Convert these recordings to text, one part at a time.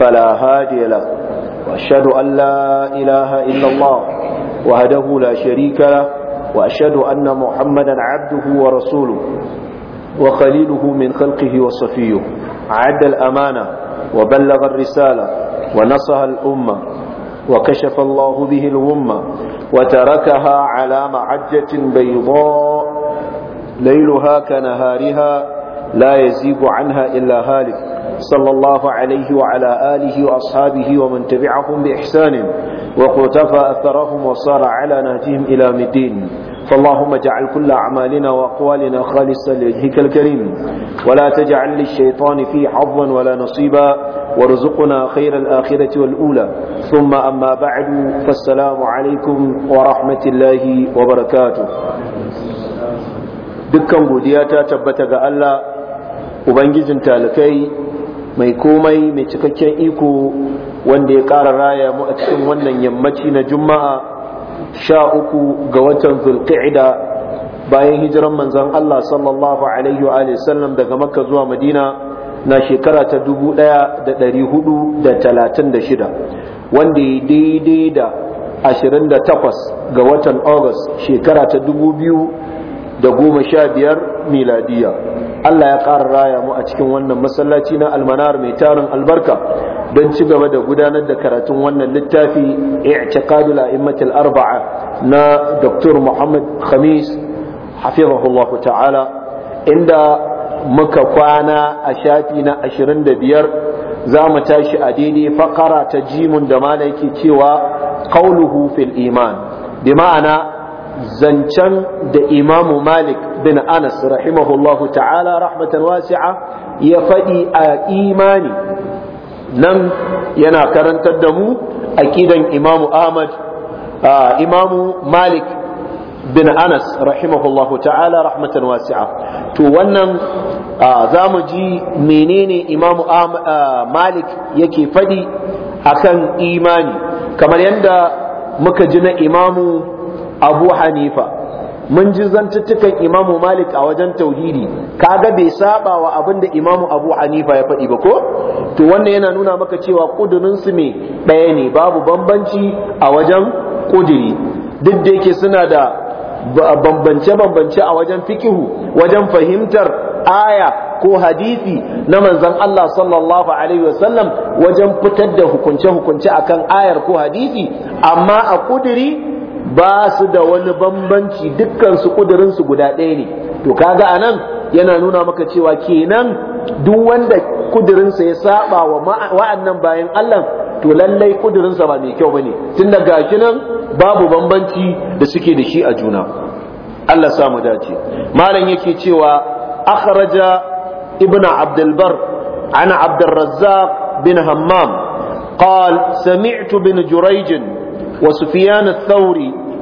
فلا هادي له وأشهد أن لا إله إلا الله وهده لا شريك له وأشهد أن محمدا عبده ورسوله وخليله من خلقه وصفيه عد الأمانة وبلغ الرسالة ونصها الأمة وكشف الله به الغمة وتركها على معجة بيضاء ليلها كنهارها لا يزيغ عنها إلا هالك صلى الله عليه وعلى آله وأصحابه ومن تبعهم بإحسان وقتفى أثرهم وصار على نهجهم إلى مدين فاللهم اجعل كل أعمالنا وأقوالنا خالصا لجهك الكريم ولا تجعل للشيطان فيه حظا ولا نصيبا وارزقنا خير الآخرة والأولى ثم أما بعد فالسلام عليكم ورحمة الله وبركاته dukkan godiya ta tabbata ga Allah Ubangijin talakai mai komai mai cikakken iko wanda ya ƙara raya mu a cikin wannan yammaci na juma'a sha uku ga watan zulqa'ida bayan hijiran manzon Allah sallallahu alaihi wa sallam daga makka zuwa madina na shekara ta dubu ɗaya da ɗari hudu da talatin da shida wanda ya daidai da ashirin da takwas ga watan agus shekara ta dubu biyu da goma sha biyar miladiya Allah ya ƙara raya mu a cikin wannan masallaci na almanar mai tarin albarka don ci gaba da gudanar da karatun wannan littafi i'tiqadul a'immatul arba'a na Dr. Muhammad Khamis hafizahullahu ta'ala inda muka kwana a shafi na 25 za mu tashi a daidai fakara ta jimun da mala yake cewa qauluhu fil iman bi ma'ana zancen da imamu malik bin anas rahimahullahu ta'ala rahmatan wasi'a ya faɗi a imani nan yana karantar da mu a aƙidan imamu ahmad imamu malik bin anas rahimahullahu ta'ala rahmatan wasi'a to wannan za mu ji menene imamu malik yake faɗi akan imani kamar yadda muka ji na imamu abu hanifa mun ji zantuttukan imamu malik a wajen tauhidi kaga bai saba wa abin da imamu abu hanifa ya faɗi ba ko to wannan yana nuna maka cewa ƙudurinsu mai ɗaya ne babu bambanci a wajen kuduri duk da yake suna da bambance-bambance a wajen fikihu wajen fahimtar aya ko hadisi na manzon Allah sallallahu alaihi wasallam wajen fitar da hukunce-hukunce akan ayar ko hadisi amma a ƙudiri. ba su da wani bambanci dukkan su guda ɗaya ne to kaga anan yana nuna maka cewa kenan duk wanda kudirinsa ya saba wa wa'annan bayan Allah to lallai kudirinsa ba mai kyau bane tunda gashi nan babu bambanci da suke da shi a juna Allah sa mu dace malam yake cewa akhraja ibn abdul bar ana abdul bin hammam قال سمعت bin جريج wa Sufyan al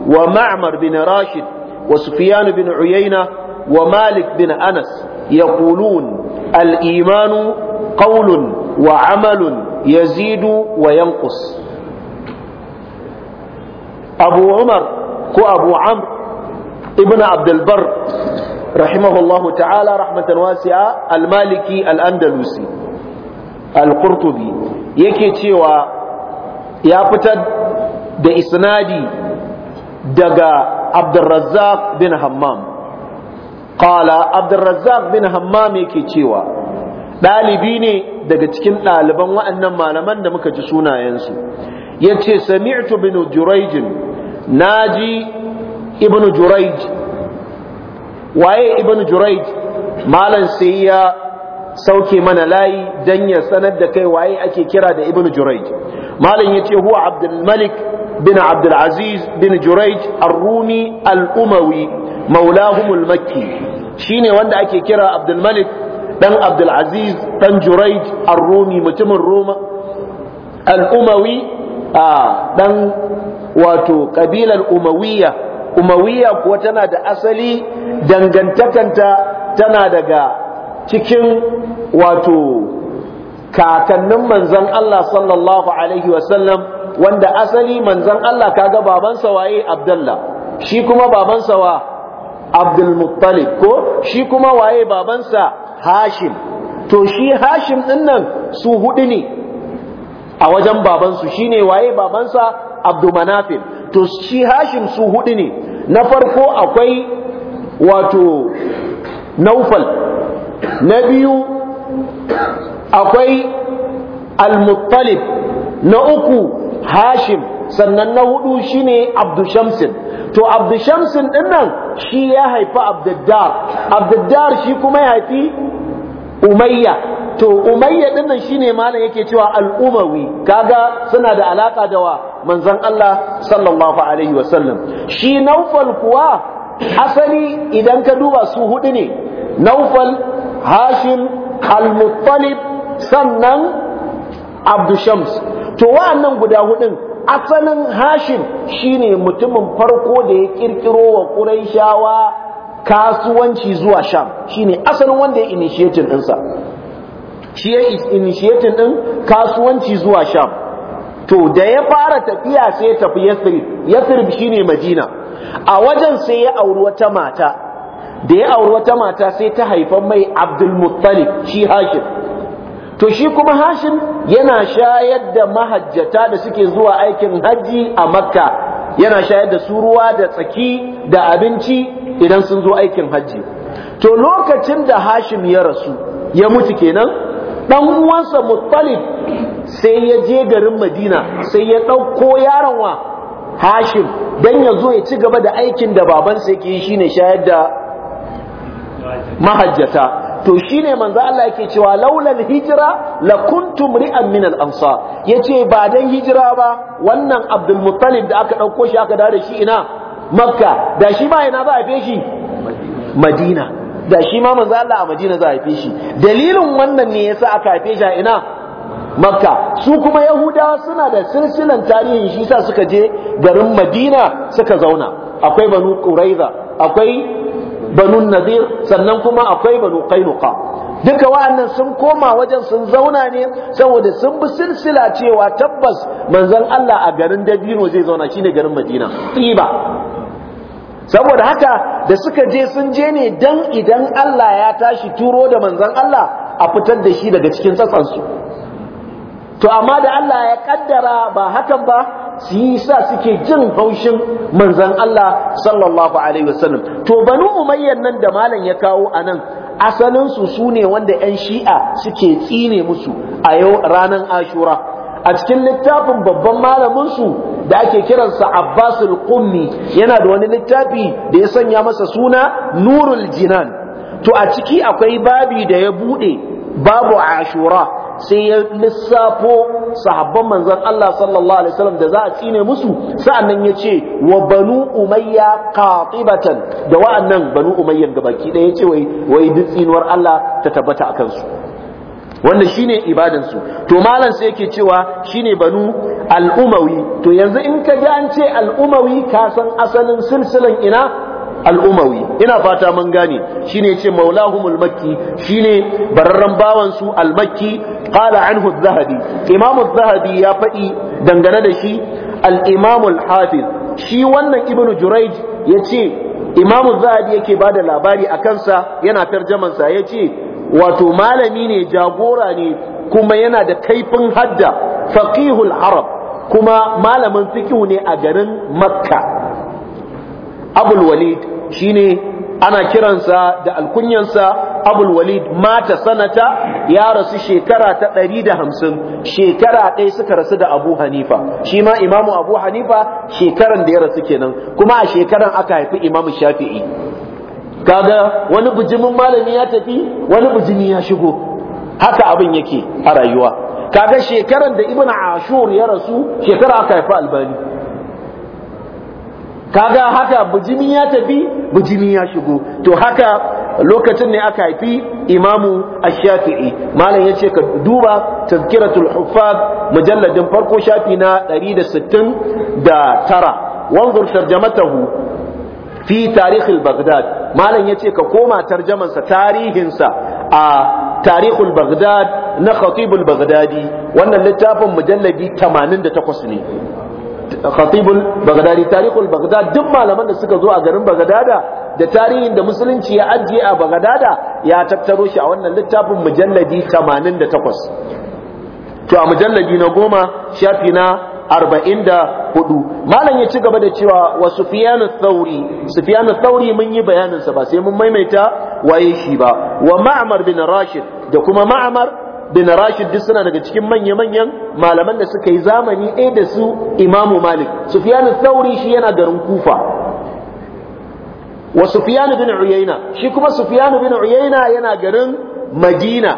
wa Ma'mar bin Rashid wa Sufyan bin Uyayna wa Malik bin Anas yaqulun al-imanu qawlun wa 'amalun yazidu wa yanqus Abu Umar ko Abu Amr ibn Abdul Barr rahimahullahu ta'ala rahmatan wasi'a al-Maliki al-Andalusi al-Qurtubi yake cewa ya fitar da isnadi daga abdurrazzaq bin hammam Kala abdurrazzaq bin hammam yake cewa ɗalibi ne daga cikin ɗaliban waɗannan malaman da muka ji sunayensu ya ce sami'tu bin na ji ibn jurayj waye ibn jurayj malam sai ya sauke mana layi don ya sanar da kai waye ake kira da ibn jurayj malam ya ce huwa abdulmalik بن عبد العزيز بن جريج الرومي الأموي مولاهم المكي شيني واندا أكي كرا عبد الملك دان عبد العزيز دان جريج الرومي متم الروم الأموي آه دان واتو قبيلة الأموية أموية وتنا دا أصلي دانغنتكنتا تنا دقا cikin wato kakannin manzon Allah sallallahu alaihi wasallam wanda asali manzon Allah kaga babansa waye Abdullah shi kuma babansa wa Abdul Muttalib ko shi kuma waye babansa Hashim to shi Hashim din nan su hudu ne a wajen babansu shine waye babansa Abdul Manafil to shi Hashim su hudu ne na farko akwai wato Naufal na biyu akwai Al-Muttalib na uku hashim sannan na hudu shine abdushamsin to abdushamsin din nan shi ya haifi abduddar abduddar shi kuma ya haifi umayya to umayya din nan shine malam yake cewa al-umawi kaga suna da alaka da wa manzon Allah sallallahu alaihi wasallam shi naufal kuwa asali idan ka duba su hudu ne naufal hashim al-muttalib sannan abdushams to wa'annan guda hudun asalin hashim shine mutumin farko da ya kirkiro wa quraishawa kasuwanci zuwa sham shine asalin wanda ya initiating ɗinsa shi ya initiating ɗin kasuwanci zuwa sham to da ya fara tafiya sai tafi yathrib yathrib shine madina a wajen sai ya auri wata mata da ya auri wata mata sai ta haifa mai abdul muttalib shi hashim to shi kuma hashim yana shayar da mahajjata da suke zuwa aikin hajji a makka yana shayar da su ruwa da tsaki da abinci idan sun zo aikin hajji to lokacin da hashim ya rasu ya mutu kenan dan uwansa muttalib sai ya je garin madina sai ya ɗauko yaron hashim don ya zo ya ci gaba da aikin da babansa yake yi shine shayar da mahajjata to shine manzo Allah yake cewa laulal hijira la kuntum ri'an min al-ansar yace ba dan hijira ba wannan Abdul Muttalib da aka dauko shi aka dawo da shi ina Makka da shi ma ina za a haife Madina da shi ma manzo Allah a Madina za a dalilin wannan ne yasa aka haife shi a ina Makka su kuma Yahudawa suna da silsilan tarihin shi sa suka je garin Madina suka zauna akwai Banu Quraiza akwai banu nadir sannan kuma akwai banu qainuqa duka wa'annan sun koma wajen sun zauna ne saboda sun bi silsila cewa tabbas manzon Allah a garin Dabino zai zauna shine garin Madina tsiba saboda haka da suka je sun je ne dan idan Allah ya tashi turo da manzon Allah a fitar da shi daga cikin tsatsansu to amma da Allah ya kaddara ba hakan ba su yi sa suke jin haushin manzon Allah sallallahu alaihi wasallam to banu umayyan nan da malam ya kawo anan asalin su sune wanda yan shi'a suke tsine musu a yau ranar ashura a cikin littafin babban malamin su da ake kiransa Abbas al-Qummi yana da wani littafi da ya sanya masa suna Nurul Jinan to a ciki akwai babi da ya bude babu ashura sai ya lissafo sahabban manzon Allah sallallahu alaihi wasallam da za a tsine musu sa'annan ya ce wa banu umayya qatibatan da wa'annan banu umayyan gabaki ɗaya ya ce wai wai duk tsinuwar Allah ta tabbata a kansu wanda shine ibadan su to malam sai yake cewa shine banu al-umawi to yanzu in ka ji an ce al-umawi ka san asalin silsilan ina al ina fata mun gane shine yace maulahumul makki shine bararren bawansu su al-makki ƙala anhu zahabi imam zahabi ya faɗi dangane da shi al imamu al-hafiz shi wannan ibnu juraij yace ce az-zahabi yake bada labari a kansa yana tarjamansa ya yace wato malami ne jagora ne kuma yana da kaifin hadda faqihul arab kuma malamin fikihu ne a garin makka abul walid shine ana kiransa da alkunyansa abul walid mata sanata ya rasu shekara ta ɗari da hamsin shekara ɗaya suka rasu da abu hanifa shi ma imamu abu hanifa shekaran da ya rasu kenan kuma a shekaran aka haifi imamu shafi'i kaga wani bijimin malami ya tafi wani bijimi ya shigo haka abin yake a rayuwa kaga shekaran da ibn ashur ya rasu shekara aka haifi albani kaga haka bujimi ya tafi bujimi ya shigo to haka lokacin ne aka haifi imamu ash-shafi'i malam yace ka duba tazkiratul huffaz mujalladin farko shafi na 169 wanzur tarjamatahu fi tarikh al-baghdad malam yace ka koma tarjaman sa tarihin sa a tarikh al-baghdad na khatib al-baghdadi wannan littafin mujalladi 88 ne khatibul bagdadi tarihul bagdad duk malaman da suka zo a garin bagdada da tarihin da musulunci ya ajiye a bagdada ya tattaro shi a wannan littafin mujalladi 88 to a mujalladi na goma shafi na arba'in da hudu malam ya ci gaba da cewa wa sufiyanu thauri sufiyanu thauri mun yi bayaninsa ba sai mun maimaita waye shi ba wa ma'amar bin rashid da kuma ma'amar bin Rashid duk suna daga cikin manya-manyan malaman da suka yi zamani ɗaya da su Imamu Malik Sufyan al-Thawri shi yana garin Kufa wa Sufyan bin Uyayna shi kuma Sufyan bin Uyayna yana garin Madina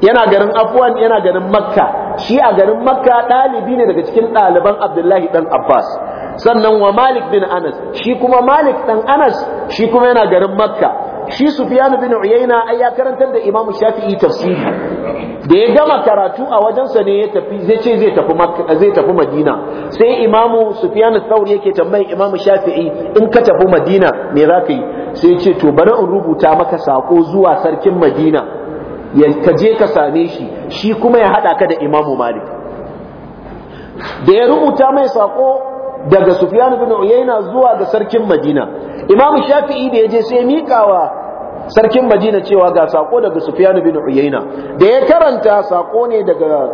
yana garin Afwan yana garin Makka shi a garin Makka ɗalibi ne daga cikin ɗaliban Abdullahi dan Abbas sannan wa Malik bin Anas shi kuma Malik dan Anas shi kuma yana garin Makka shi Sufyan bin Uyayna ai ya karantar da Imam Shafi'i tafsiri da ya gama karatu a wajensa ne ya tafi zai ce zai tafi Makka zai tafi Madina sai Imam Sufyan thawri yake tambayin Imam Shafi'i in ka tafi Madina me za ka yi sai ce to bari in rubuta maka sako zuwa sarkin Madina ka kaje ka same shi shi kuma ya hada ka da Imam Malik da ya rubuta mai sako daga Sufyan bin Uyayna zuwa ga sarkin Madina Imam Shafi'i da ya je sai mikawa sarkin Madina cewa ga sako daga sufiyanu bin Uyayna da ya karanta sako ne daga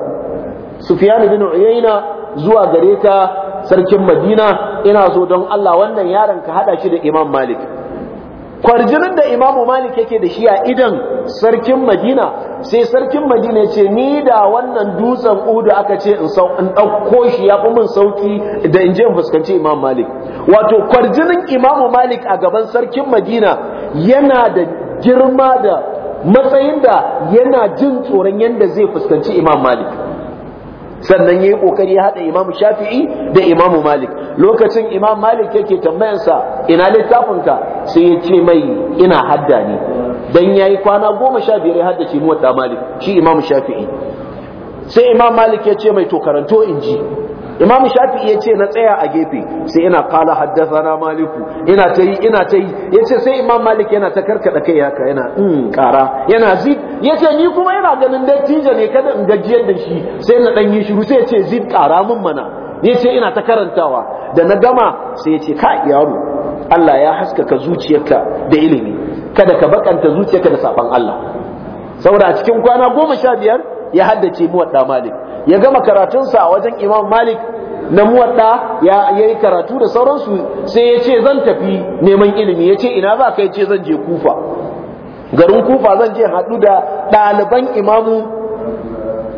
sufiyanu bin Uyayna zuwa gare ka sarkin Madina ina so don Allah wannan yaron ka hada shi da Imam Malik kwarjinin da Imam Malik yake da shi a idan sarkin Madina sai sarkin Madina ce ni da wannan dutsen Udu aka ce in sau in dauko shi ya fi min sauki da in je in fuskanci Imam Malik wato kwarjinin Imam Malik a gaban sarkin Madina yana da girma da matsayin da yana jin tsoron yadda zai fuskanci imam malik sannan ya yi ƙoƙari ya haɗa imam shafi'i da imam malik lokacin imam malik yake tambayansa ina littafinka sai ya ce mai ina hadda ne dan ya yi kwana goma sha biyar ya haddace muwatta malik shi imam shafi'i sai imam malik ya ce mai to karanto in ji imam shafi ya ce na tsaya a gefe sai ina kala haddasa maliku ina ta yi ina ta yi ya ce sai imam malik yana ta karkada kai haka yana in mm, kara yana zid ya ce ni kuma yana ganin dattijo ne kada in gajiyar da shi sai na dan yi shiru sai ya ce zid kara min mana ya ce ina ta karantawa da na gama sai ya ce ka yaro Allah ya haskaka zuciyarka da ilimi kada ka bakanta zuciyarka da sabon Allah saboda a cikin kwana goma sha biyar ya haddace wadda malik ya gama karatunsa a wajen imam malik na muwadda ya yi karatu da sauransu sai ya ce zan tafi neman ilimi ya ce ina za ka ce zan je kufa garin kufa zan je haɗu da ɗaliban imamu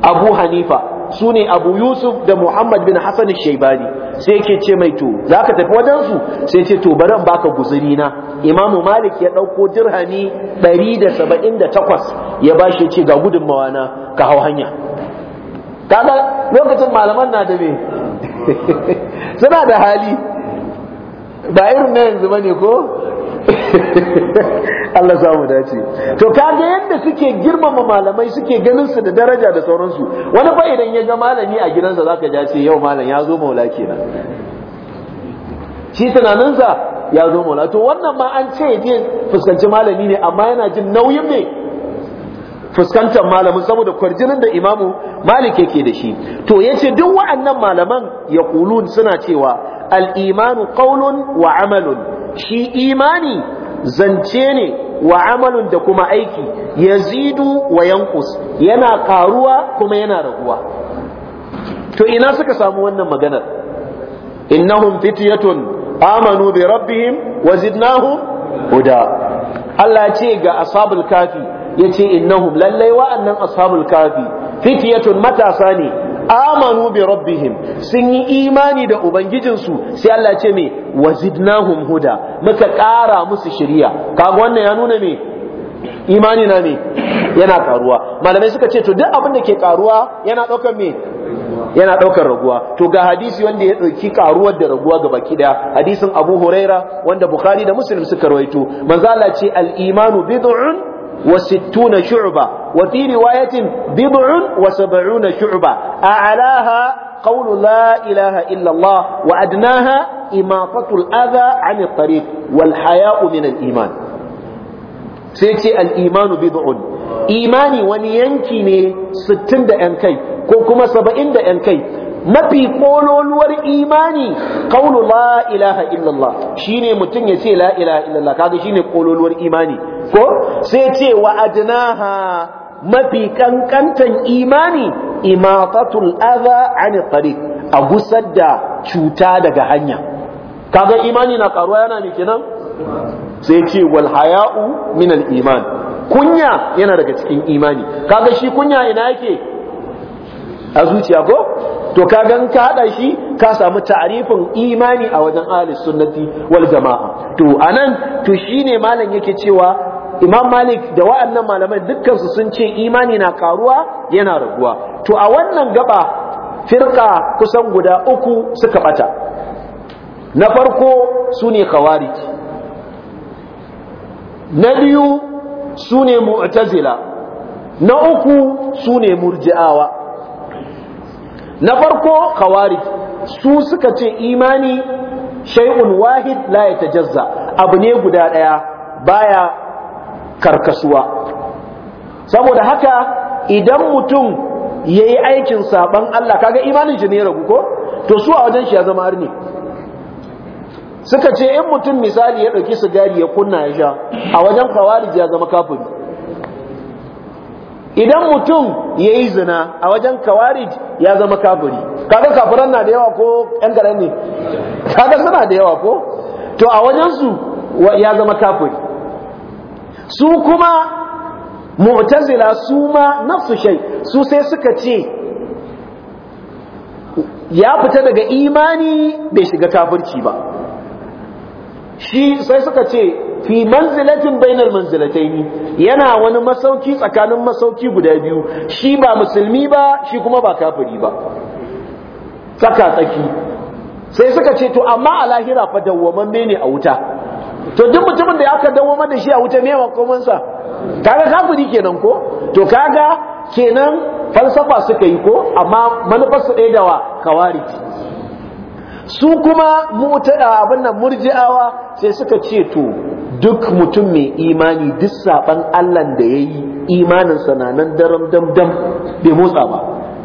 abu hanifa su ne abu yusuf da muhammad bin hassan shaibani sai yake ce mai to za ka tafi wajensu sai ce to bari baka guzuri na imamu malik ya ɗauko dirhami 178 ya bashi ya ce ga gudunmawa na ka hau hanya kaga lokacin malaman na da me suna da hali ba irin na yanzu bane ko Allah za mu dace to kaga yadda suke girmama malamai suke ganin su da daraja da sauransu wani fa idan ya ga malami a gidansa zaka ja ce yau malam ya zo maula kenan shi tunaninsa ya zo maula to wannan ma an ce je fuskanci malami ne amma yana jin nauyin me fuskantar malamin saboda kwarjinin da imamu malik yake da shi to yace duk wa'annan malaman ya kulun suna cewa al-imanu qaulun wa amalun shi imani zance ne wa amalun da kuma aiki yazidu wa yanqus yana karuwa kuma yana raguwa to ina suka samu wannan maganar innahum fityatun amanu bi rabbihim wa zidnahum huda Allah ce ga ashabul kafi Ya yace innahum lallai wa'annan ashabul kafi fitiyatun matasa ne amanu bi rabbihim sun yi imani da ubangijinsu sai Allah ce me wazidnahum huda muka ƙara musu shiriya kaga wannan ya nuna me imani na me yana karuwa malamai suka ce to duk abin da ke karuwa yana ɗaukar me yana ɗaukar raguwa to ga hadisi wanda ya ɗauki karuwar da raguwa ga baki daya hadisin Abu Huraira wanda Bukhari da Muslim suka rawaito manzo Allah ce al-imanu bid'un وستون شعبة وفي رواية بضع وسبعون شعبة أعلاها قول لا إله إلا الله وأدناها إماطة الأذى عن الطريق والحياء من الإيمان سيكسي الإيمان بضع إيماني ونينكيني ستين دا أنكي كوكما سبعين دا أنكي mafi kololuwar imani kaunu la ilaha illallah shine mutum ya ce la ilaha illallah kaga shine kololuwar imani ko sai ce wa adnaha mafi kankantan imani imatatul adha an tariq a gusar da cuta daga hanya kaga imani na karuwa yana ne kenan sai ce wal haya'u min al iman kunya yana daga cikin imani kaga shi kunya ina yake a zuciya ko to kaga in ka hada shi ka samu ta'arifin imani a wajen ahli sunnati wal jama'a to anan to shine malam yake cewa imam malik da wa'annan malamai dukkansu sun ce imani na karuwa yana raguwa to a wannan gaba firka kusan guda uku suka bata na farko su khawarij na biyu su ne mu'tazila na uku su murji'awa na farko khawarij su suka ce imani shay'un wahid la yatajazza abu ne guda daya baya karkasuwa saboda haka idan mutum ya yi aikin saban Allah kaga imanin shi ne ya ragu ko to su a wajen shi ya zama arni suka ce in mutum misali ya ɗauki sigari ya kunna ya sha a wajen kawarij ya zama kafin idan mutum ya yi zina a wajen kawarij ya zama kafin kaga kafiran na da yawa ko ƴan garan ne kaga suna da yawa ko to a wajen su ya zama kafin su kuma mu'tazila su ma nafsu shay su sai suka ce ya fita daga imani bai shiga kafirci ba shi sai suka ce fi manzilatin bainal manzilataini yana wani masauki tsakanin masauki guda biyu shi ba musulmi ba shi kuma ba kafiri ba tsaka tsaki sai suka ce to amma a lahira fa dawwamamme ne a wuta to duk mutumin da aka dawo da shi a wuta me makomansa kaga kafiri kenan ko to kaga kenan falsafa suka yi ko amma manufar su ɗaya da wa kawari su kuma mu'tada abin nan murji'awa sai suka ce to duk mutum mai imani duk saban Allah da yayi imanin sa na nan daram dam dam bai motsa ba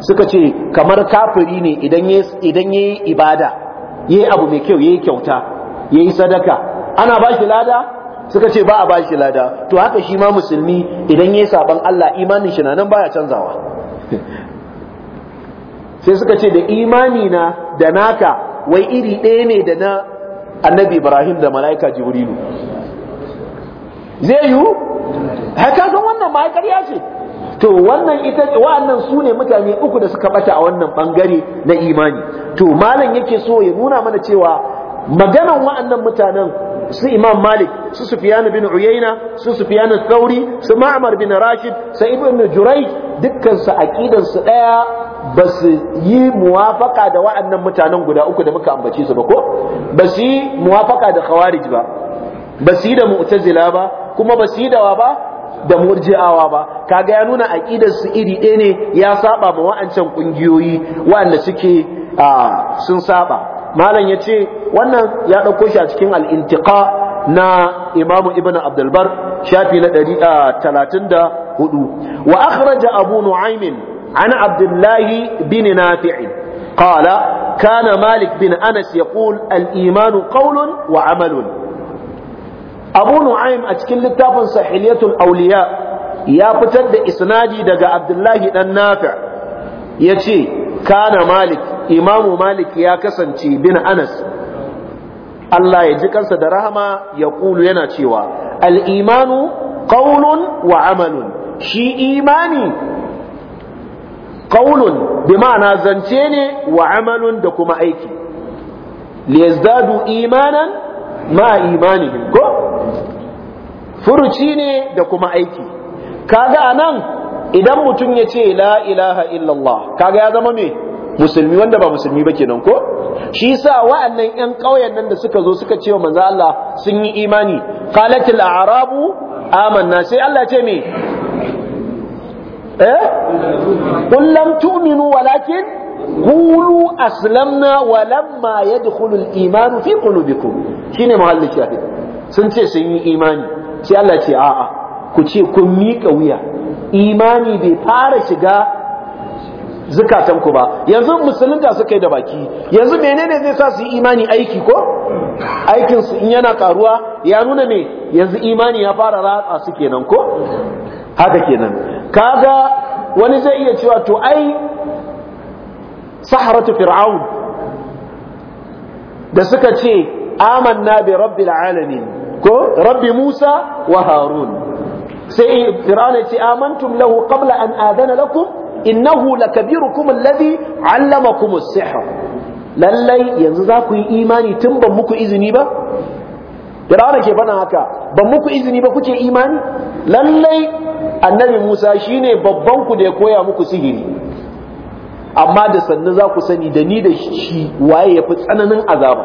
suka ce kamar kafiri ne idan ya idan yayi ibada yayi abu mai kyau yayi kyauta yayi sadaka ana ba shi lada suka ce ba a ba shi lada to haka shi ma musulmi idan yayi saban Allah imanin shi na nan baya canzawa sai suka ce da imani na da naka wai iri ɗaya ne da na annabi Ibrahim da mala'ika Jibrilu zai yiwu haka don wannan ma ƙarya ce to wannan ita wa'annan su ne mutane uku da suka bata a wannan bangare na imani to malam yake so ya nuna mana cewa maganan wa'annan mutanen su imam malik su sufyan bin uyayna su sufyan thauri su ma'mar bin rashid su ibn jurayj dukkan su aqidan su daya ba yi muwafaka da wa'annan mutanen guda uku da muka ambace su ba ko ba su yi muwafaka da khawarij ba ba yi da mu'tazila ba kuma ba su yi dawa ba da murji'awa ba kaga ya nuna aqidar su iri ɗaya ne ya saba ma wa'ancan kungiyoyi wa'anda suke ah, sun saba malam ya ce wannan ya ɗauko shi a cikin al'intiƙa na imamu ibn abdulbar shafi na ɗari a talatin da hudu wa akhraja abu nu'aymin an abdullahi bin nafi'i qala kana malik bin anas yaqul al-imanu qawlun wa amalun abu nu'aym a cikin littafin sahihiyatul awliya ya fitar da isnadi daga abdullahi dan nafi' yace kana malik imamu malik ya kasance bin anas Allah ya ji kansa da rahama ya kulu yana cewa al'imanu ƙaunun wa amalun shi imani ƙaunun bi ma'ana zance ne wa amalun da kuma aiki liyazdadu imanan ma ko furuci ne da kuma aiki kaga anan idan mutum ya ce la ilaha illallah kaga ya zama me musulmi wanda ba musulmi ba kenan ko shi yasa wa'annan yan ƙauyen nan da suka zo suka ce wa manzo Allah sun yi imani qalatil a'rabu amanna sai Allah ce me eh qul lam tu'minu walakin qulu aslamna wa lamma yadkhulul iman fi qulubikum shine muhallin shahid sun ce sun yi imani sai Allah ce a'a ku ce kun miƙa wuya imani bai fara shiga zukatanku ba yanzu da suka yi da baki yanzu menene zai sa su yi imani aiki ko aikin su in yana karuwa ya nuna me yanzu imani ya fara ratsa su kenan ko haka kenan kaga wani zai iya cewa to ai saharatu fir'aun da suka ce amanna bi rabbil alamin ko rabbi musa wa harun sai fir'aun ya ce amantum lahu qabla an adana lakum innahu lakabirukum alladhi 'allamakum as-sihr lallai yanzu za ku yi imani tun ban muku izini ba Fir'auna ke faɗin haka ban muku izini ba kuke imani lallai annabi Musa shine babban ku da ya koya muku sihiri amma da sannu za ku sani da ni da shi waye ya fi tsananin azaba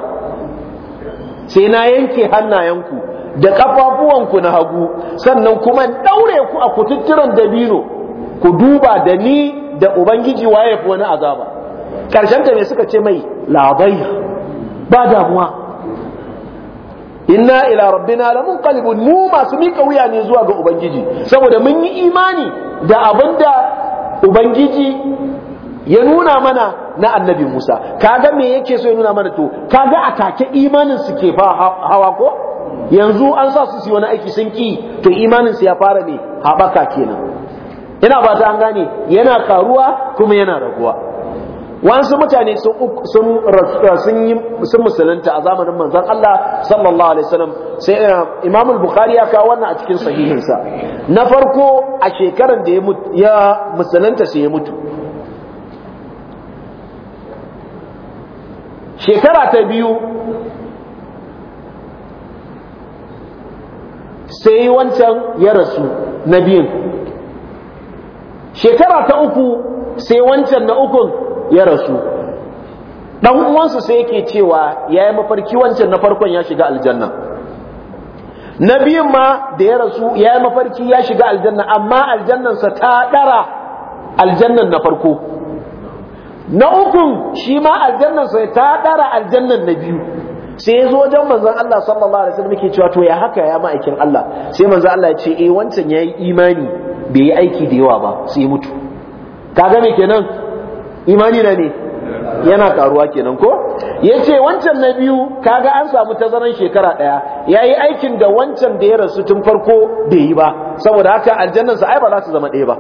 sai na yanke hannayenku da ƙafafuwanku na hagu sannan kuma ɗaure ku a kututturen dabino ku duba da ni da ubangiji waye fi wani azaba karshen ta me suka ce mai labai ba damuwa inna ila rabbina lamunqalibun mu masu mika wuya ne zuwa ga ubangiji saboda mun yi imani da abinda ubangiji ya nuna mana na annabi Musa kaga me yake so ya nuna mana to kaga atake imanin su ke fa hawa ko yanzu an sa su su wani aiki sun ki to imanin su ya fara ne habaka kenan ina ba ta an gane yana karuwa kuma yana raguwa wasu mutane sun yi musulunta a zamanin manzon Allah sallallahu alaihi wasallam sai eh, Imam al-Bukhari ya kawo wannan a cikin sahihinsa na farko a shekaran da ya musulunta sai ya mutu shekara ta biyu sai wancan ya rasu na biyun shekara ta uku sai wancan na ukun ya rasu dan uwansu sai yake cewa yayi mafarki wancan na farkon ya shiga aljanna na biyun ma da ya rasu yayi mafarki ya shiga aljanna amma aljannansa ta dara aljannan na farko na ukun shi ma aljannansa ta dara aljannan na biyu sai ya zo wajen manzon Allah sallallahu alaihi wasallam yake cewa to ya haka ya ma'aikin Allah sai manzon Allah ya ce eh wancan yayi imani bai yi aiki da yawa ba sai mutu kaga me kenan imani na ne yana karuwa kenan ko yace wancan na biyu kaga an samu tazaran shekara daya yi aikin da wancan da ya rasu tun farko bai yi ba saboda haka aljannan sa ai ba za su zama ɗaya ba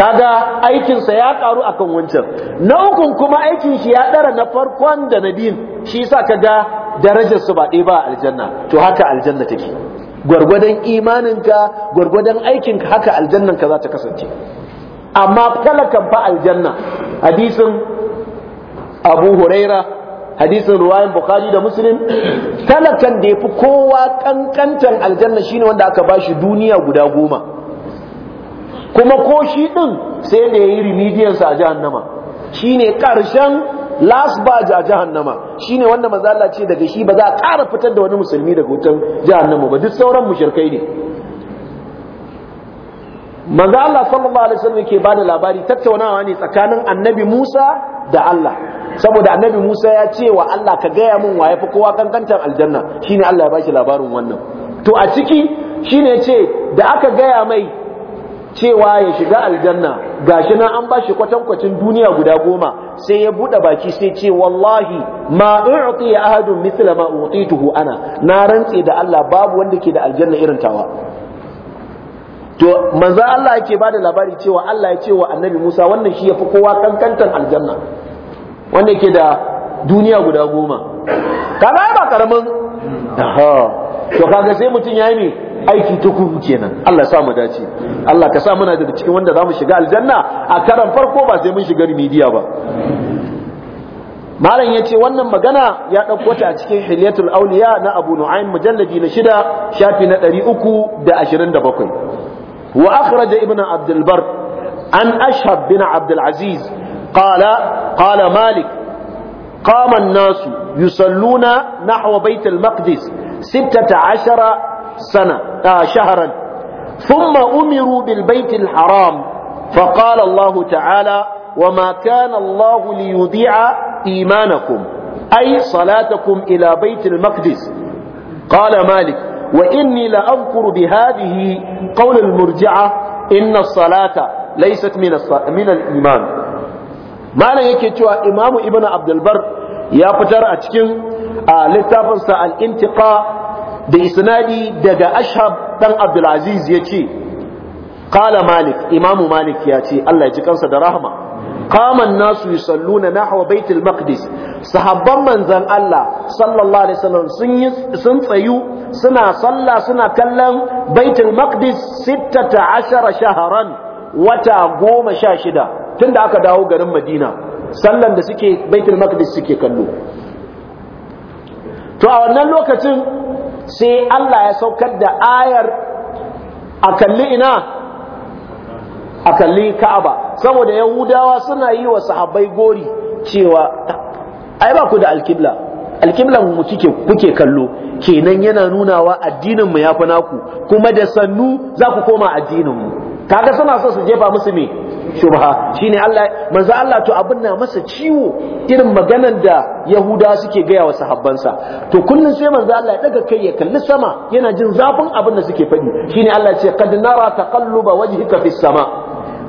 kaga aikinsa ya karu akan wancan na ukun kuma aikin shi ya dara na farkon da na biyun shi yasa kaga darajar su ba ɗaya ba aljanna to haka aljanna take gwargwadon imaninka gwargwadon aikinka haka aljannanka za ta kasance amma talakan fa aljanna hadisin abu huraira hadisin ruwayan bukhari da musulun talakan da ya fi kowa kankantan aljanna shine wanda aka ba shi duniya guda goma kuma ko shi ɗin sai da yayi yi sa a Shi shine ƙarshen last batch a jihannama Shi ne wanda manzo Allah ce daga shi ba za a ƙara fitar da wani musulmi daga wutan jahannama ba duk sauran mu mushrikai ne manzo Allah sallallahu alaihi wasallam ke bada labari tattaunawa ne tsakanin annabi Musa da Allah saboda annabi Musa ya ce wa Allah ka gaya min wa ya fi kowa kankantar aljanna shine Allah ya bashi labarin wannan to a ciki shine ya ce da aka gaya mai cewa ya shiga aljanna gashi na an bashi kwatankwacin duniya guda goma sai ya bude baki sai ce wallahi ma u'ti ahadun mithla ma tuhu ana na rantse da Allah babu wanda ke da aljanna irin tawa to manzo Allah yake bada labari cewa Allah ya ce wa annabi Musa wannan shi yafi kowa kankantan aljanna wanda ke da duniya guda goma kaga ba karamin hmm. to kaga sai mutum yayi ne aiki tukuru kenan Allah sa mu dace Allah ka sa muna daga cikin wanda zamu shiga aljanna a karan farko ba sai mun shiga remediya ba malam ya ce wannan magana ya ɗauko ta a cikin hilyatul auliya na abu nu'aym mujalladi na shida shafi na ɗari uku da ashirin da bakwai wa akhraja ibn abdul bar an ashab bin abdul aziz qala qala malik qama an-nas yusalluna nahwa maqdis sittata ashara sana shaharan thumma umiru bil baitil haram fa qala Allah ta'ala وما كان الله ليضيع إيمانكم أي صلاتكم إلى بيت المقدس قال مالك وإني لأذكر بهذه قول المرجعة إن الصلاة ليست من من الإيمان ما لا يكتوى إمام ابن عبد البر يا فتر أتكن لتافنسا الانتقاء da isnadi daga ashab dan abdulaziz ya ce qala malik imamu malik ya ce Allah ya ji kansa da rahama qama an-nasu na nahwa baitul maqdis sahabban manzan Allah sallallahu alaihi wasallam sun sun tsayu suna salla suna kallon baitul maqdis 16 shahran wata goma sha shida tunda aka dawo garin Madina sallan da suke baitul maqdis suke kallo to a wannan lokacin sai Allah ya saukar da ayar a kalli ina a kalli Ka'aba saboda Yahudawa suna yi wa sahabbai gori cewa ai ba ku da alkibla alkiblan mu kike kuke kallo kenan yana nunawa addinin mu yafi naku kuma da sannu za ku koma addinin mu kaga suna so su jefa musu me shubha shine Allah manzo Allah to abin na masa ciwo irin maganar da Yahuda suke gaya wa sahabbansa to kullun sai manzo Allah ya daga kai ya kalli sama yana jin zafin abin da suke faɗi shine Allah ya ce qad nara taqalluba wajhika fis sama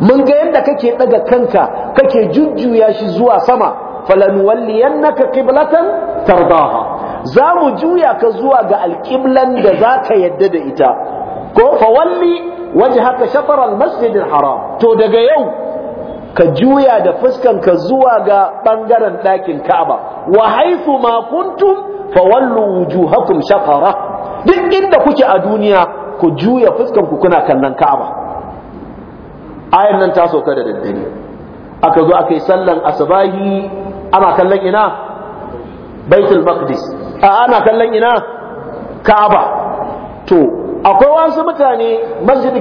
mun ga yadda kake daga kanka kake jujjuya shi zuwa sama falanwalliyannaka qiblatan tardaha za mu juya ka zuwa ga alƙiblan da za ka yadda da ita ko fawalli waje haka shafarar masjidin haram to daga yau ka juya da fuskanka zuwa ga ɓangaren ɗakin ka'aba wa haifu ma kuntum fa wujuhakum shafara duk inda kuke a duniya ku juya fuskanku kuna kallon ka'aba ayan nan ta sauka da daddare aka zo aka yi sallan asabahi ana kallon ina baitul maqdis a ana kallon ina ka'aba to akwai wasu mutane masjid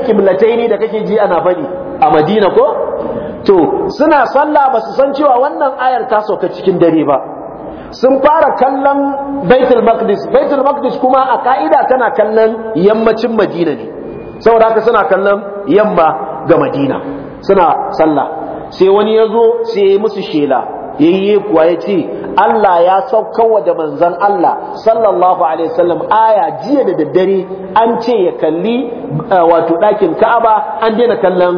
ne da kake ji ana faɗi a madina ko to suna sallah ba su san cewa wannan ayar ta sauka cikin dare ba sun fara kallon baitul maqdis baitul maqdis kuma a ka'ida tana kallon yammacin madina ne saboda haka suna kallon yamma ga madina suna sallah sai wani ya zo sai ya musu shela yayye kuwa ya ce Allah ya saukawa waje manzan Allah sallallahu alaihi wasallam aya jiya da daddare an ce ya kalli eh, wato ɗakin Ka'aba an daina kallon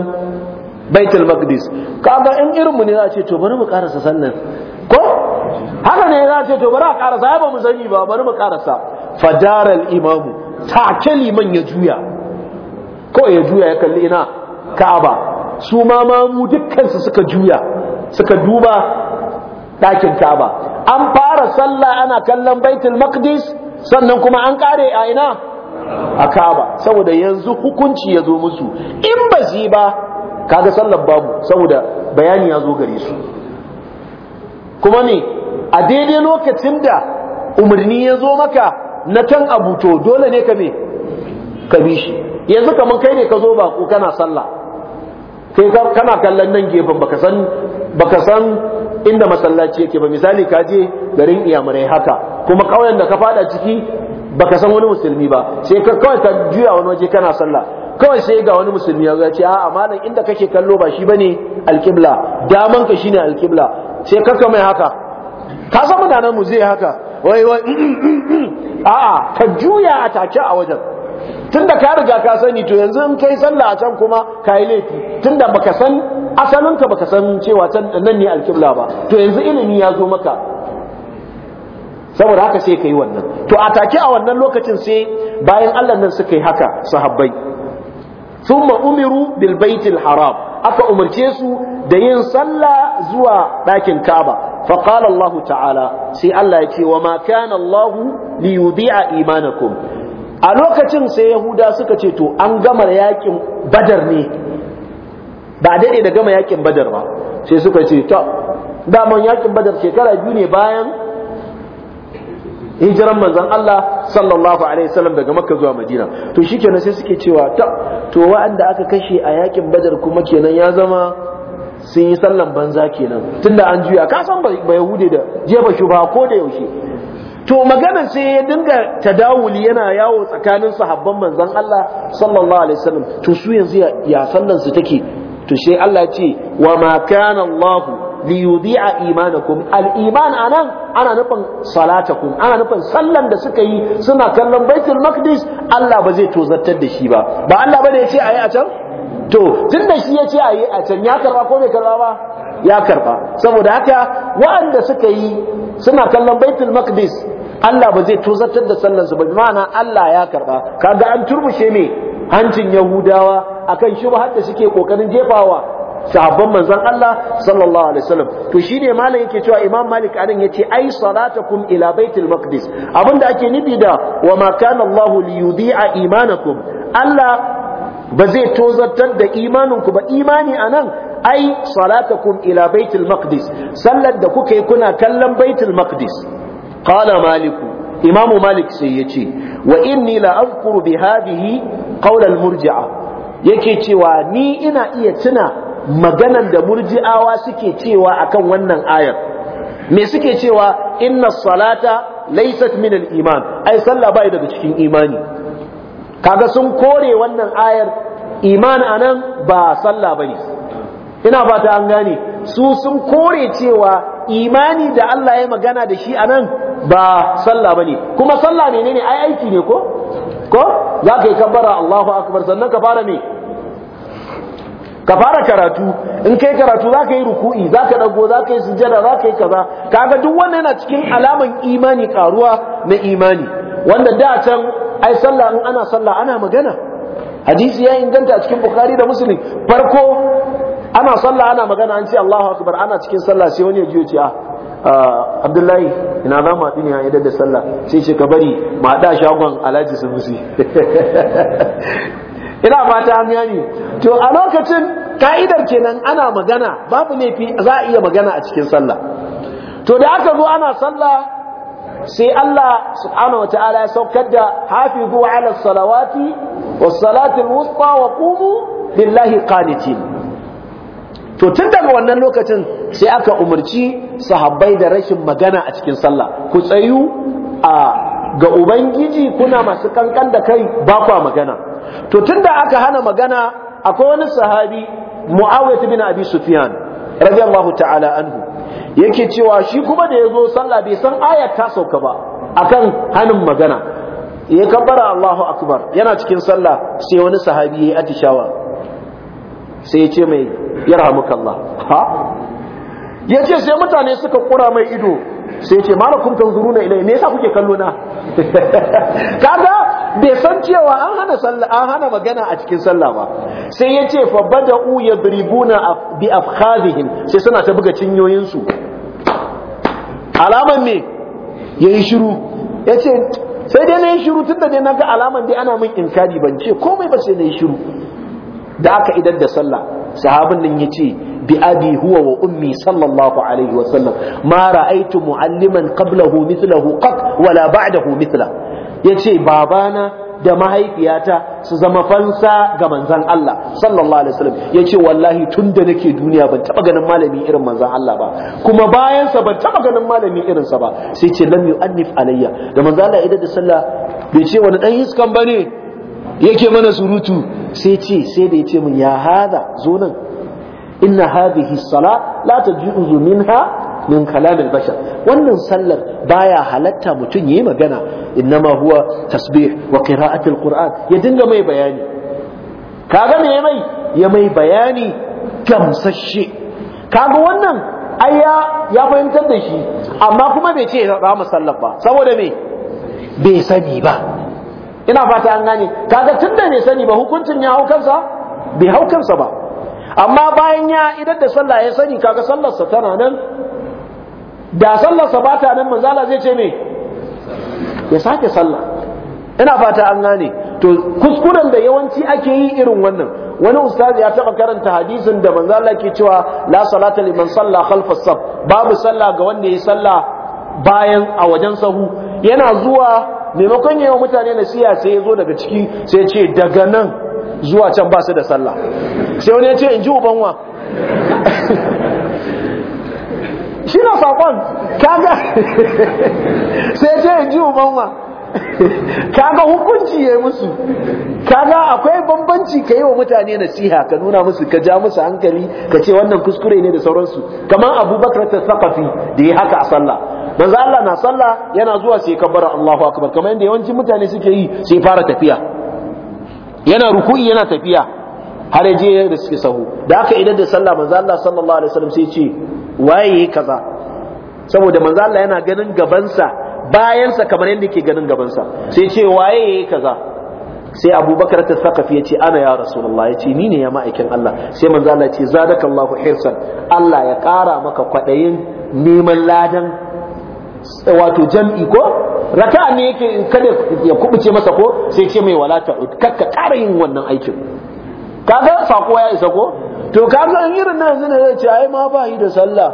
Baitul Maqdis kaga in irin mu ne za ce to bari mu karasa sannan ko haka ne za ce to bari a karasa ai ba mu sani ba bari mu karasa fadaral imamu take liman ya juya ko ya juya ya kalli ina Ka'aba su ma mamu dukkansu suka juya suka duba ɗakin Ka'aba an fara sallah ana kallon Baitul Maqdis sannan kuma an kare a ina a Ka'aba saboda yanzu hukunci ya zo musu in ba zi ba kaga sallar babu saboda bayani ya zo gare su kuma ne a daidai lokacin da umarni ya zo maka na kan abu to dole ne ka me ka bi shi yanzu kamar kai ne ka zo ba bako kana sallah kai kana kallon nan gefen baka san baka san inda masallaci yake ba misali ka je garin iyamurai haka kuma ƙauyen da ka fada ciki baka san wani musulmi ba sai ka kawai ka juya wani waje kana sallah kawai sai ga wani musulmi ya ce a'a malam inda kake kallo ba shi bane alqibla daman ka shine alqibla sai ka mai haka ka san mutanen mu zai haka wai wai mm, mm, mm, a'a ka juya a take a wajen tunda ka riga ka sani to yanzu in kai sallah a can kuma ka yi laifi tunda baka san asalin ka baka san cewa can nan ne alƙibla ba to yanzu ilimi ya zo maka saboda haka sai yi wannan to a take a wannan lokacin sai bayan Allah nan suka yi haka sahabbai thumma umiru bil baitil haram aka umarce su da yin sallah zuwa ɗakin Ka'aba فقال ta'ala sai Allah الله يكي وما كان a ليضيع إيمانكم a lokacin sai yahuda suka ce to an gama yakin badar ne ba daɗe da gama yakin badar ba sai suka ce to daman yakin badar shekara biyu ne bayan hijiran manzon Allah sallallahu alaihi wasallam daga makka zuwa madina to shikenan sai suke cewa to to wa'anda aka kashe a yakin badar kuma kenan ya zama sun yi sallan banza kenan tunda an juya ka san ba yahude da jefa shuba ko da yaushe to magana sai ya dinga tadawuli yana yawo tsakanin sahabban manzon Allah sallallahu alaihi wasallam to su yanzu ya sallan su take to sai Allah ya ce wa ma kana Allah li yudhi'a imanakum al iman anan ana nufin salatakum ana nufin sallan da suka yi suna kallon baitul maqdis Allah ba zai tozartar da shi ba ba Allah bane ya ce ayi a can to tunda shi ya ce ayi a can ya karba ko bai karba ba ya karba saboda haka waɗanda suka yi suna kallon baitul maqdis Allah ba zai tozartar da sallar su ba ma'ana Allah ya karba kaga an turbushe me hancin yahudawa akan shubhar da suke kokarin jefawa sahabban manzon Allah sallallahu alaihi wasallam to shine malam yake cewa Imam Malik anan yace ai salatakum ila baitul maqdis abinda ake nufi da wa ma kana Allah li yudhi'a imanakum Allah ba zai tozartar da imaninku ba imani anan ai salatakum ila baitul maqdis sallar da kuka yi kuna kallon baitul maqdis qala Malik, imamu malik sai ya ce wa inni la azkuru bi hadhihi qawl al murji'a yake cewa ni ina iya tuna maganan da murji'awa suke cewa akan wannan ayar me suke cewa inna salata laysat min al iman ai sallah bai daga cikin imani kaga sun kore wannan ayar iman anan ba sallah bane ina fata an gane su sun kore cewa imani da Allah ya magana da shi anan ba sallah bane kuma sallah ne ne ai aiki ne ko ko za ka yi kabbara Allahu akbar sannan ka fara me ka fara karatu in kai karatu za ka yi ruku'i za ka dago za ka yi sujada za ka yi kaza kaga duk wannan yana cikin alaman imani karuwa na imani wanda da can ai sallah in ana sallah ana magana hadisi ya inganta a cikin bukhari da muslim farko ana sallah ana magana an ce Allahu akbar ana cikin sallah sai wani ya ji ce ah, ah, Abdullahi ina za mu ne a da sallah sai shi ka bari mu shagon Alhaji Sanusi ina fata an gani to a lokacin ka'idar kenan ana magana babu laifi za a iya magana a cikin sallah to da aka zo ana sallah sai Allah subhanahu wa ya saukar da hafizu ala salawati was salati al-wusta wa qumu billahi qanitin to tun daga wannan lokacin sai aka umarci sahabbai da rashin magana a cikin sallah ku tsayu a ga ubangiji kuna masu kankan da kai ba kwa magana to tun da aka hana magana akwai wani sahabi muawiyah bin abi sufyan radiyallahu ta'ala anhu yake cewa shi kuma da yazo sallah bai san ayat ta sauka ba akan hanin magana ya kabbara Allahu akbar yana cikin sallah sai wani sahabi ya atishawa sai ya ce mai yarhamukallah ha yace sai mutane suka kura mai ido sai ce malakum tanzuruna ilai me yasa kuke kallo na kaga bai san cewa an hana sallah an hana magana a cikin sallah ba sai yace fa bada'u yadribuna bi afkhadhihim sai suna ta buga cinyoyinsu. su alaman me yayi shiru yace sai dai nayi shiru tunda dai naga alaman dai ana min inkari ban ce komai ba sai nayi shiru da aka idan da sallah sahabin nan yace bi abi huwa wa ummi sallallahu alaihi wa sallam ma ra'aytu mu'alliman qablahu mithlahu qat wala ba'dahu mithla yace babana da mahaifiyata su zama fansa ga manzan Allah sallallahu alaihi wasallam yace wallahi tun da nake duniya ban taba ganin malami irin manzan Allah ba kuma bayan sa ban taba ganin malami irin sa ba sai ce lam yu'annif alayya da manzan Allah idan da sallah bai ce wani dan iskan bane yake mana surutu sai ce sai da ya ce min ya hada zo nan inna hadhihi sala la tajuzu minha min kalam bashar wannan sallar baya halatta mutum yayi magana innama huwa tasbih wa qira'at al ya dinga mai bayani kaga me mai ya mai bayani gamsashe kaga wannan ai ya fahimtar da shi amma kuma bai ce ya mu sallar ba saboda me bai sani ba ina fata an gane kaga da bai sani ba hukuncin ya hau kansa bai hau kansa ba amma bayan ya idan da sallah ya sani kaga sallarsa tana nan da sallarsa ba ta nan manzala zai ce me ya sake sallah ina fata an gane to kuskuren da yawanci ake yi irin wannan wani ustazi ya taba karanta hadisin da manzo Allah ke cewa la salata liman salla khalfa sab babu sallah ga wanda ya salla bayan a wajen sahu yana zuwa maimakon yawan mutane nasiha sai ya zo daga ciki sai ce daga nan zuwa can ba su da sallah sai wani ya ce in ji ubanwa shi na saƙon kaga sai ce in ji ubanwa kaga hukunci ya yi musu kaga akwai bambanci ka yi wa mutane nasiha ka nuna musu ka ja musu hankali ka ce wannan kuskure ne da sauransu kamar abubakar ta da ya haka a sallah manzo Allah na sallah yana zuwa sai kabbara Allahu akbar kamar yadda yawancin mutane suke yi sai fara tafiya yana ruku'i yana tafiya har je ya suke sahu da aka idan da sallah manzo Allah sallallahu alaihi wasallam sai ce waye kaza saboda manzo Allah yana ganin gabansa bayansa kamar yadda yake ganin gabansa sai ce waye kaza sai abubakar ta saka ya ce ana ya rasulullah ya ce ni ne ya ma'aikin Allah sai manzo Allah ya ce zadaka Allahu Allah ya kara maka kwadayin neman ladan wato jam'i ko raka'a ne yake kada ya kubuce masa ko sai ce mai wala ta'ud kakka ƙara yin wannan aikin kaga sako ya isa ko to kaga an irin nan zai da ce ai ma ba yi da sallah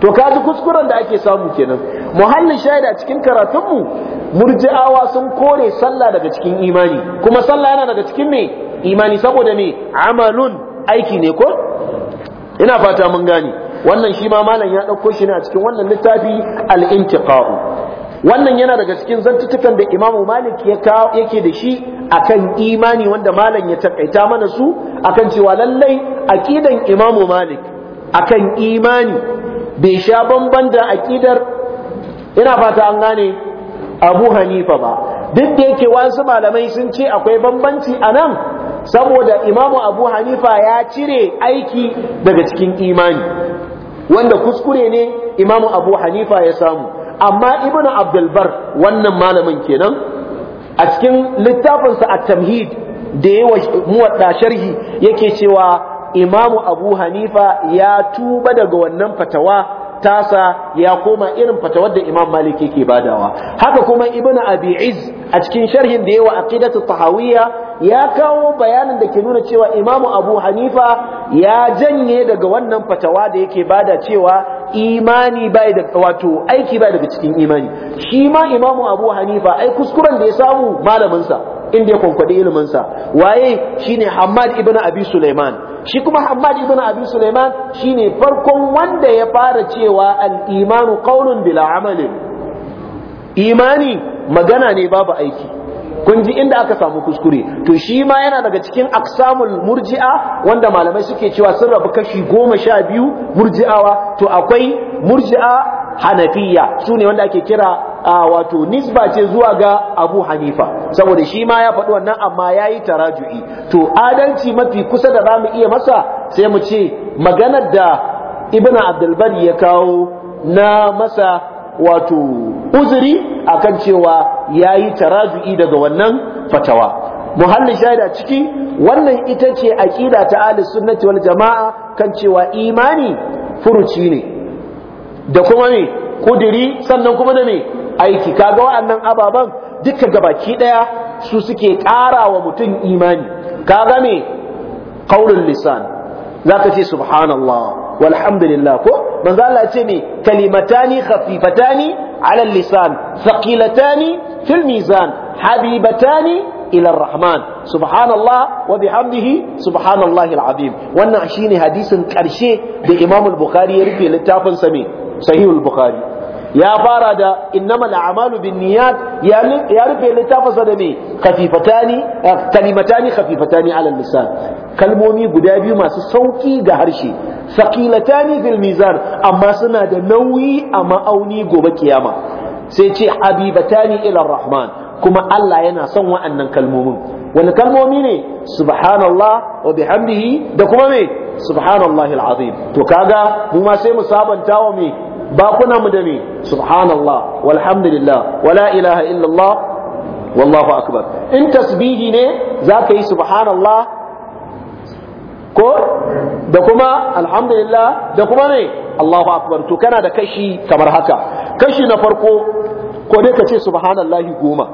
to kaji kuskuren da ake samu kenan muhallin shaida cikin karatunmu murji'awa sun kore sallah daga cikin imani kuma sallah yana daga cikin me imani saboda me amalun aiki ne ko ina fata mun gane wannan shi ma malam ya ɗauko shi ne a cikin wannan littafi al-intiqa'u wannan yana daga cikin zantutukan da Imam Malik ya yake da shi akan imani wanda malam ya takaita mana su akan cewa lallai aqidan Imam Malik akan imani bai sha bamban da aqidar ina fata an gane Abu Hanifa ba duk da yake wasu malamai sun ce akwai bambanci anan saboda Imam Abu Hanifa ya cire aiki daga cikin imani wanda kuskure ne imamu abu hanifa ya samu amma ibnu abdulbar wannan malamin kenan a cikin littafinsa a tamhid da yawa muwadda sharhi yake cewa imamu abu hanifa ya tuba daga wannan fatawa tasa ya koma irin fatawar da imam malik yake badawa haka kuma ibnu abi iz a cikin sharhin da yawa aqidatu tahawiyya ya kawo bayanin da ke nuna cewa imamu abu hanifa ya janye daga wannan fatawa da yake bada cewa imani bai da wato aiki bai daga cikin imani shi ma imamu abu hanifa ai kuskuren da ya samu malaminsa inda ya kwankwade iliminsa waye shine hamad ibn abi sulaiman shi kuma hamad ibn abi sulaiman shine farkon wanda ya fara cewa al-imanu qawlun bila imani magana ne babu aiki kun ji inda aka samu kuskure to shi ma yana daga cikin aksamul murji'a wanda malamai suke cewa sun rabu kashi goma sha biyu murji'awa to akwai murji'a hanafiya su ne wanda ake kira wato nisba ce zuwa ga abu hanifa saboda shi ma ya faɗi wannan amma ya yi taraju'i to adalci mafi kusa da za mu iya masa sai mu ce maganar da ibn abdulbari ya kawo na masa wato uzuri akan cewa yayi taraju'i daga wannan fatawa muhallin shaida ciki wannan ita ce aƙida ta ahlus sunnati wal jamaa kan cewa imani furuci ne da kuma ne kudiri sannan kuma da ne aiki kaga wa'annan ababan duka gabaki ɗaya su suke ƙara wa mutum imani kaga me qaulul lisan zaka ce subhanallah walhamdulillah ko manzo Allah ce ne kalimatani khafifatani ala lisan thaqilatani fil mizan habibatani ila rahman subhanallah wa bihamdihi subhanallahi alazim wannan shine hadisin karshe da Imam al-Bukhari ya rufe littafin sa me sahih al-Bukhari ya fara da innamal a'malu binniyat ya rufe littafinsa da me khafifatani eh, kalimatani khafifatani ala lisan kalmomi guda biyu masu sauki ga harshe saqilatani fil mizan amma suna da nauyi a ma'auni gobe kiyama sai ce habibatani ila rahman kuma Allah yana son wa'annan kalmomin wani kalmomi ne subhanallah wa bihamdihi da kuma me subhanallahi alazim to kaga mu ma sai mu sabanta wa me bakunan mu da me subhanallah walhamdulillah wala ilaha illallah wallahu in tasbihi ne zaka yi subhanallah ko da kuma alhamdulillah da kuma ne Allahu to kana da kashi kamar haka kashi na farko ko dai ka ce subhanallahi goma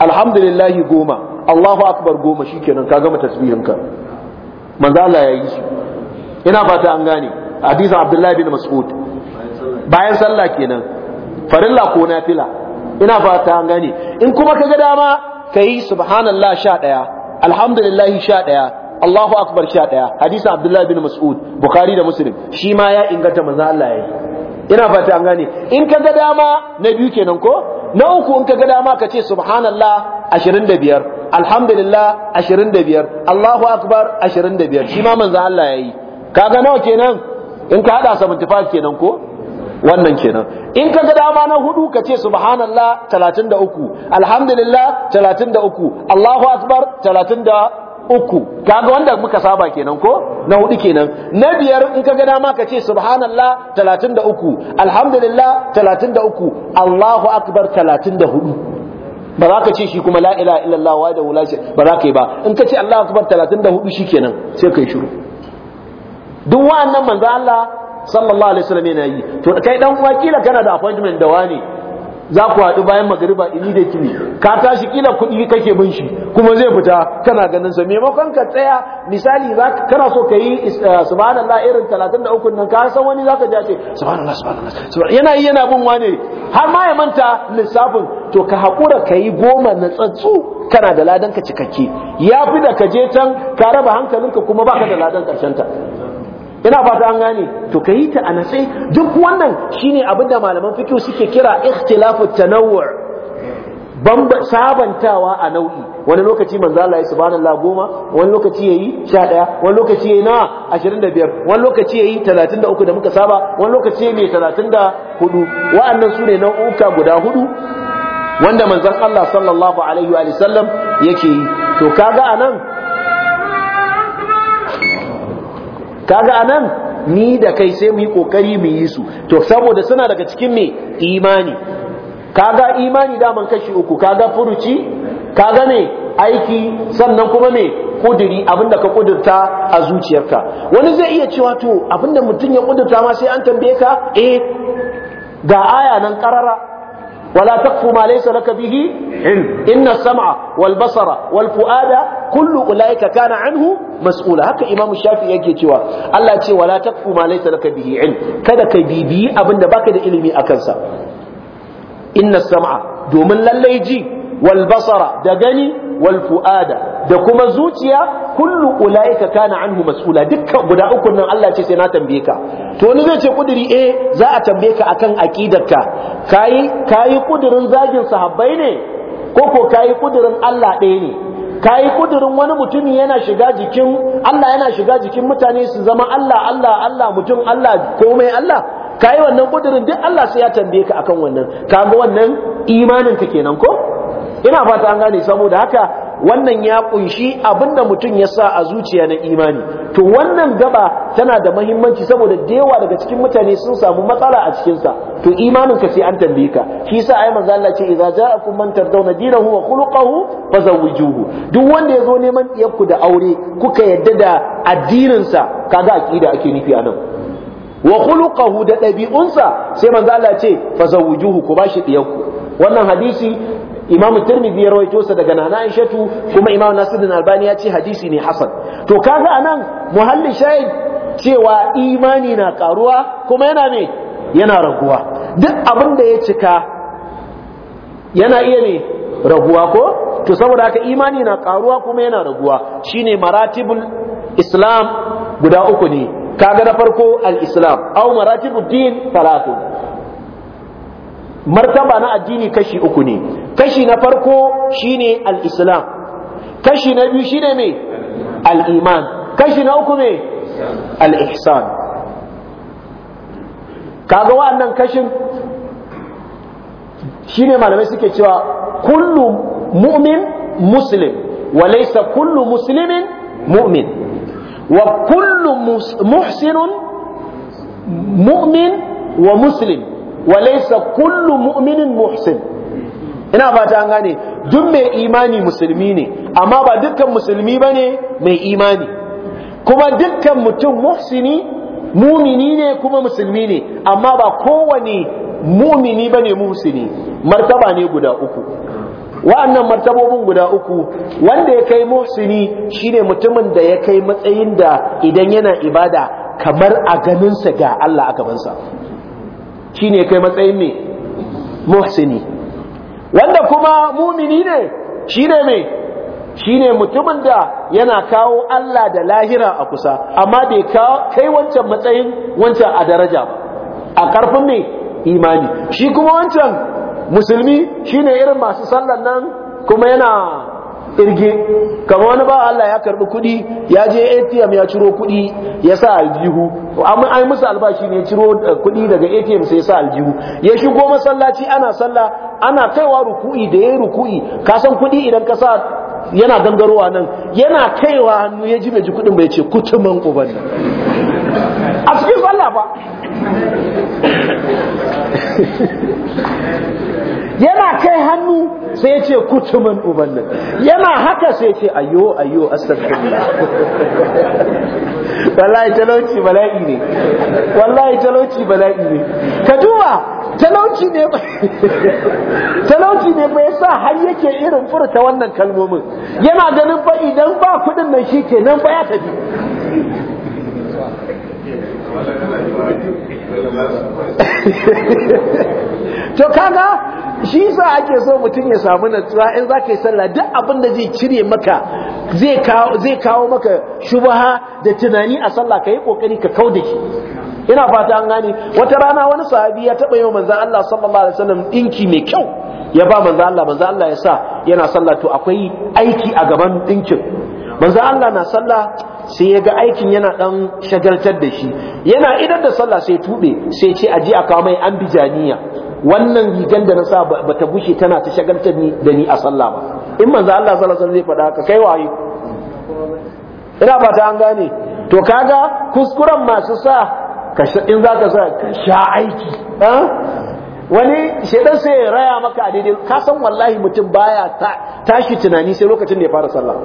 alhamdulillahi goma Allahu akbar goma kenan, ka gama tasbihinka manzo Allah ya yi shi ina fata an gane hadisin Abdullahi bin Mas'ud bayan sallah kenan farilla ko nafila ina fata an gane in kuma kaga dama kai subhanallah 11 alhamdulillah 11 Allahu akbar sha daya hadisin Abdullahi bin Mas'ud Bukhari da Muslim shi ma ya inganta manzo Allah yayi ina fata an gane in ka ga dama na biyu kenan ko na uku in ka ga dama ka ce subhanallah 25 alhamdulillah 25 Allahu akbar 25 shi ma manzo Allah yayi kaga nawa kenan in ka hada 75 kenan ko wannan kenan in ka ga dama na hudu ka ce subhanallah 33 alhamdulillah 33 Allahu akbar 33 kaga wanda muka saba kenan ko na hudu kenan na biyar in ka ga dama ka ce subhanallah 33 alhamdulillah 33 Allahu akbar 34 ba za ka ce shi kuma la ilaha illallah wa da wula ba za ka yi ba in ka ce Allah akbar 34 kenan sai kai shiru duk wa'annan manzo Allah sallallahu alaihi wasallam yana yi to kai dan uwa kila kana da appointment da wani za ku haɗu bayan magariba ini da ka tashi kila kuɗi kake bin shi kuma zai fita kana ganin sa maimakon ka tsaya misali za ka kana so ka yi uh, subhanallah irin 33 nan ka san wani zaka ka ce subhanallah subhanallah yana yi yana bin wane har ma ya manta lissafin to ka haƙura ka yi goma na tsatsu kana da ladan ka cikakke ya fi da ka je can ka raba hankalinka kuma baka da ladan ƙarshen ta ina fata an gane to ka yi ta a natse duk wannan shine ne abinda malaman fiqh suke kira ikhtilafu tanawwu' bamba sabantawa a nau'i wani lokaci manzo Allah ya subhanallah goma wani lokaci yayi 11 wani lokaci yayi na 25 wani lokaci yayi 33 da muka saba wani lokaci yayi 34 wa'annan sune nau'uka guda hudu wanda manzon Allah sallallahu alaihi wa sallam yake yi to kaga anan kaga anan ni da kai sai mu yi kokari mu yi su to saboda suna daga cikin me imani kaga imani daman kashi uku kaga furuci kaga ne aiki sannan kuma me kudiri abinda ka kudurta a zuciyarka wani zai iya cewa to abinda mutum ya kudurta ma sai an tambaye ka eh ga aya nan karara ولا تقف ما ليس لك به علم إن السمع والبصر والفؤاد كل أولئك كان عنه مسؤولا هكا إمام الشافعي يجي توا الله يجي ولا تقف ما ليس لك به علم كذا كبيبي أبن باك دا إلمي أكنسا إن السمع دومن للي يجي wal basara da gani wal fuada da kuma zuciya kullu ulaika kana anhu mas'ula dukkan guda uku nan Allah ce sai na tambaye ka to wani zai ce kudiri eh za a tambaye ka akan aqidarka kai kai kudirin zagin sahabbai ne ko ko kai kudirin Allah ɗaya ne kai kudirin wani mutumi yana shiga jikin Allah yana shiga jikin mutane su zama Allah Allah Allah mutum Allah komai Allah kai wannan kudirin duk Allah sai ya tambaye ka akan wannan kaga wannan imanin ka kenan ko ina fata an gane saboda haka wannan ya kunshi abinda mutum ya sa a zuciya na imani to wannan gaba tana da mahimmanci saboda dewa daga cikin mutane sun samu matsala a cikin sa to imanin ka sai an tambaye ka shi sa ai manzo Allah ce idza ja'akum man tardawna dinahu wa khuluquhu fazawwijuhu duk wanda yazo neman diyarku da aure kuka yadda da addinin sa kaga akida ake nufi anan wa khuluquhu da dabi'unsa sai manzo Allah ce fazawwijuhu ku bashi diyarku wannan hadisi imam tirmidhi ya rawaito sa daga nana aishatu kuma imam bin albani ya ce hadisi ne hasan to kaga anan muhalli shayin cewa imani na karuwa kuma yana ne yana raguwa duk abin da ya cika yana iya ne raguwa ko to saboda haka imani na karuwa kuma yana raguwa shine maratibul islam guda uku ne kaga na farko al-islam aw maratibuddin din martaba na addini kashi uku ne kashi na farko shine al-islam kashi na biyu shine me al-iman kashi na uku me al-ihsan kaga wa'annan kashin shine malamai suke cewa kullu mu'min muslim wa laysa kullu muslimin mu'min wa kullu muhsinun mu'min wa muslim wa laysa kullu mu'minin muhsin ina fata an gane duk mai imani musulmi ne amma ba dukkan musulmi bane mai imani kuma dukkan mutum muhsini mumini ne kuma musulmi ne amma ba kowane mumini bane muhsini martaba ne guda uku wa'annan martabobin guda uku wanda ya kai muhsini shine mutumin da ya kai matsayin da idan yana ibada kamar a ganinsa ga Allah a gabansa shine ya kai matsayin ne muhsini wanda kuma mumini ne shine mai ne mutumin da yana kawo Allah da lahira a kusa amma bai kai wancan matsayin wancan a daraja a karfin mai imani shi kuma wancan musulmi shine irin masu sallan nan kuma yana irge kama wani ba Allah ya karbi kuɗi ya je ATM ya ciro kuɗi ya sa aljihu amma ai musu albashi ne ya ciro eh, kuɗi daga ATM sai ya sa aljihu ya shigo masallaci ana sallah ana kaiwa ruku'i da yayi ruku'i ka san kuɗi idan ka sa yana gangarowa nan yana kaiwa hannu ya ji meji ji kuɗin bai ce kutuman kuban nan a cikin sallah ba kai hannu sai ya ce kutumin ubannin yana haka sai ya ce ayo ayo astagfirullah wallahi talauci bala'i ne wallahi talauci bala'i ne ka duba talauci ne talauci ne bai sa har yake irin furta wannan kalmomin yana ganin ba idan ba kudin nan shi ke nan ba ya tafi to kaga shi sa ake so mutum ya samu natsuwa in za ka yi sallah duk abin da zai cire maka zai kawo maka shubaha da tunani a sallah ka yi kokari ka kau da shi ina fata an gane wata rana wani sahabi ya taba yau manzan Allah sallallahu alaihi wasallam ɗinki mai kyau ya ba manzan Allah manzan Allah ya sa yana sallah to akwai aiki a gaban ɗinkin manzo Allah na sallah sai ya ga aikin yana dan shagaltar da shi yana idan da sallah sai tube sai ce aje a kawo mai ambijaniya wannan rigan da na sa bata bushe tana ta shagaltar ni da ni a sallah ba in manzo Allah sallallahu alaihi wasallam zai faɗa ka kai waye ina fata an gane to kaga kuskuren masu sa in zaka sa sha aiki ah? wani shaidan sai ya raya maka a daidai kasan wallahi mutum baya tashi tunani sai lokacin da ya fara sallah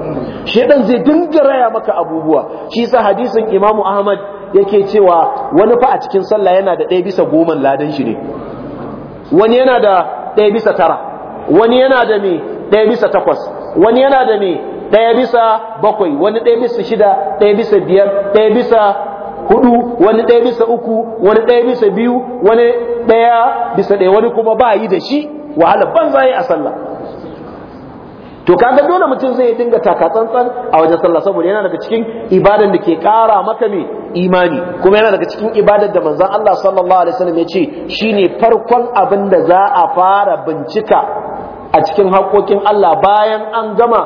shaidan zai dinga raya maka abubuwa shi sa hadisin imamu ahmad yake cewa wani fa a cikin sallah yana da ɗaya bisa goma ladan shi ne wani yana da ɗaya bisa tara wani yana da me ɗaya bisa takwas wani yana da me ɗaya bisa bakwai wani ɗaya bisa shida ɗaya bisa biyar ɗaya bisa hudu wani ɗaya bisa uku wani ɗaya bisa biyu wani ɗaya bisa ɗaya wani kuma ba yi da shi wahala banza yi a sallah to kaga dole mutum zai dinga taka tsantsan a wajen sallah saboda yana daga cikin ibadan da ke kara maka mai imani kuma yana daga cikin ibadar da manzon Allah sallallahu alaihi wasallam ya ce shine farkon abin da za a fara bincika a cikin haƙoƙin Allah bayan an gama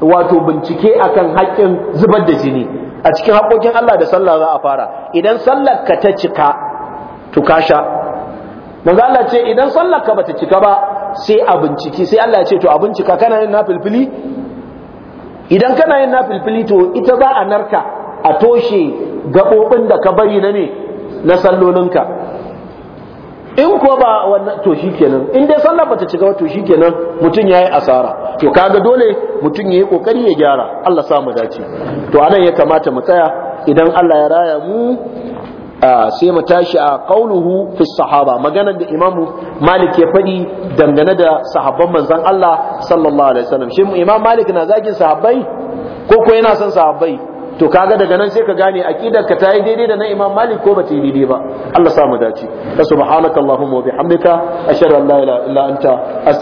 wato bincike akan haƙƙin zubar da jini a cikin haƙoƙin Allah da sallah za a fara idan sallar ta cika to ka sha manzo Allah ce idan sallar ka bata cika ba sai a binciki sai Allah ce to a bincika kana yin nafilfili idan kana yin nafilfili to ita za a narka a toshe gaɓoɓin da ka bari na ne na sallolinka in ko ba wannan to shi kenan, in dai sallah bata cika to kenan mutum yayi asara to kaga dole mutum ya yi kokari ya gyara Allah sa mu dace to anan ya kamata mu tsaya idan Allah ya raya mu sai mu tashi a qauluhu fi sahaba magana da imamu malik ya faɗi dangane da sahabban manzon Allah sallallahu alaihi wasallam shi imam malik na zagin sahabbai ko ko yana son sahabbai to kaga daga nan sai ka gane aqidar ka ta yi daidai da na Imam Malik ko ta yi daidai ba Allah sa mu dace subhanakallahumma wa bihamdika ashhadu an la ilaha illa anta